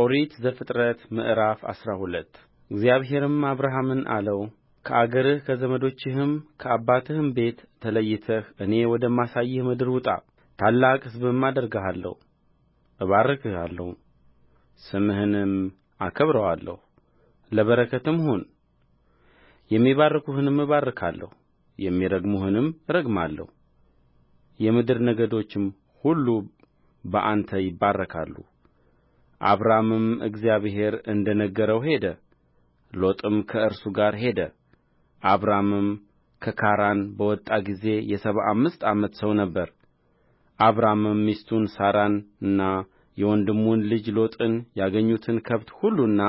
ኦሪት ዘፍጥረት ምዕራፍ አስራ ሁለት እግዚአብሔርም አብርሃምን አለው ከአገርህ ከዘመዶችህም ከአባትህም ቤት ተለይተህ እኔ ወደማሳይህ ምድር ውጣ ታላቅ ሕዝብም አደርግሃለሁ እባርክሃለሁ ስምህንም አከብረዋለሁ ለበረከትም ሁን የሚባርኩህንም እባርካለሁ የሚረግሙህንም እረግማለሁ የምድር ነገዶችም ሁሉ በአንተ ይባረካሉ አብራምም እግዚአብሔር እንደ ነገረው ሄደ ሎጥም ከእርሱ ጋር ሄደ አብራምም ከካራን በወጣ ጊዜ የሰባ አምስት ዓመት ሰው ነበረ አብራምም ሚስቱን እና የወንድሙን ልጅ ሎጥን ያገኙትን ከብት ሁሉና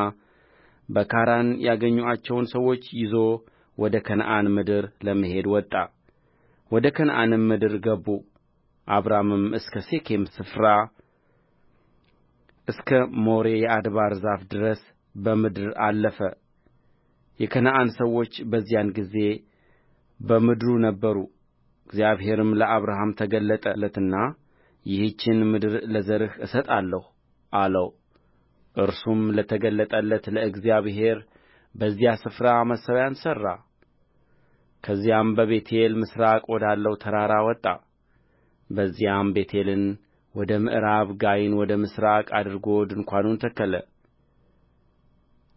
በካራን ያገኙአቸውን ሰዎች ይዞ ወደ ከነዓን ምድር ለመሄድ ወጣ ወደ ከነዓንም ምድር ገቡ አብራምም እስከ ሴኬም ስፍራ እስከ ሞሬ የአድባር ዛፍ ድረስ በምድር አለፈ የከነዓን ሰዎች በዚያን ጊዜ በምድሩ ነበሩ እግዚአብሔርም ለአብርሃም ተገለጠለትና ይህችን ምድር ለዘርህ እሰጣለሁ አለው እርሱም ለተገለጠለት ለእግዚአብሔር በዚያ ስፍራ መሠዊያን ሠራ ከዚያም በቤቴል ምሥራቅ ወዳለው ተራራ ወጣ በዚያም ቤቴልን ወደ ምዕራብ ጋይን ወደ ምሥራቅ አድርጎ ድንኳኑን ተከለ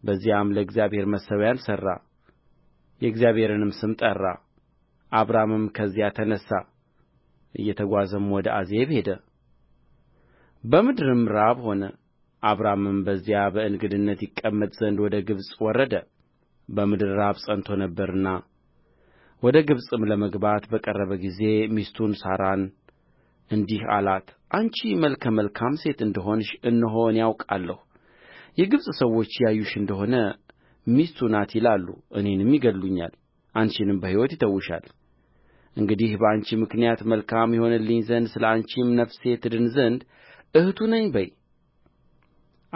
በዚያም ለእግዚአብሔር መሠዊያን ሠራ የእግዚአብሔርንም ስም ጠራ አብራምም ከዚያ ተነሣ እየተጓዘም ወደ አዜብ ሄደ በምድርም ራብ ሆነ አብራምም በዚያ በእንግድነት ይቀመጥ ዘንድ ወደ ግብፅ ወረደ በምድር ራብ ጸንቶ ነበርና ወደ ግብፅም ለመግባት በቀረበ ጊዜ ሚስቱን ሳራን። እንዲህ አላት አንቺ መልከ መልካም ሴት እንደ ሆንሽ እነሆ እኔ አውቃለሁ የግብፅ ሰዎች ያዩሽ እንደ ሆነ ሚስቱ ናት ይላሉ እኔንም ይገድሉኛል አንቺንም በሕይወት ይተዉሻል እንግዲህ በአንቺ ምክንያት መልካም ይሆንልኝ ዘንድ ስለ አንቺም ነፍሴ ትድን ዘንድ እህቱ ነኝ በይ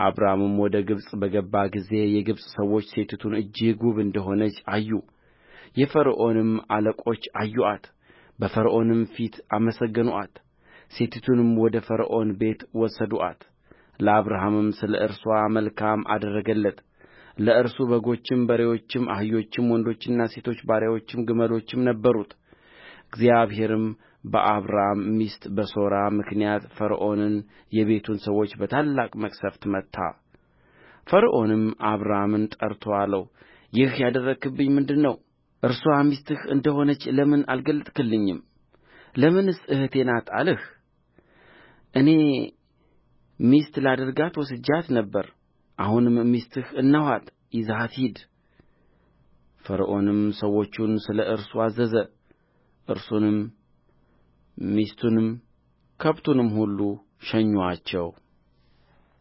አብራምም ወደ ግብፅ በገባ ጊዜ የግብፅ ሰዎች ሴቲቱን እጅግ ውብ እንደ ሆነች አዩ የፈርዖንም አለቆች አዩአት በፈርዖንም ፊት አመሰገኑአት ሴቲቱንም ወደ ፈርዖን ቤት ወሰዱአት ለአብርሃምም ስለ እርስዋ መልካም አደረገለት ለእርሱ በጎችም በሬዎችም አህዮችም ወንዶችና ሴቶች ባሪያዎችም ግመሎችም ነበሩት እግዚአብሔርም በአብራም ሚስት በሦራ ምክንያት ፈርዖንን የቤቱን ሰዎች በታላቅ መቅሠፍት መታ ፈርዖንም አብራምን ጠርቶ አለው ይህ ያደረግህብኝ ምንድር ነው እርስዋ ሚስትህ እንደ ሆነች ለምን አልገለጥህልኝም ለምንስ እኅቴ ናት አልህ እኔ ሚስት ላደርጋት ወስጄአት ነበር አሁንም ሚስትህ እነኋት ይዘሃት ሂድ ፈርዖንም ሰዎቹን ስለ እርሱ አዘዘ እርሱንም ሚስቱንም ከብቱንም ሁሉ ሸኙአቸው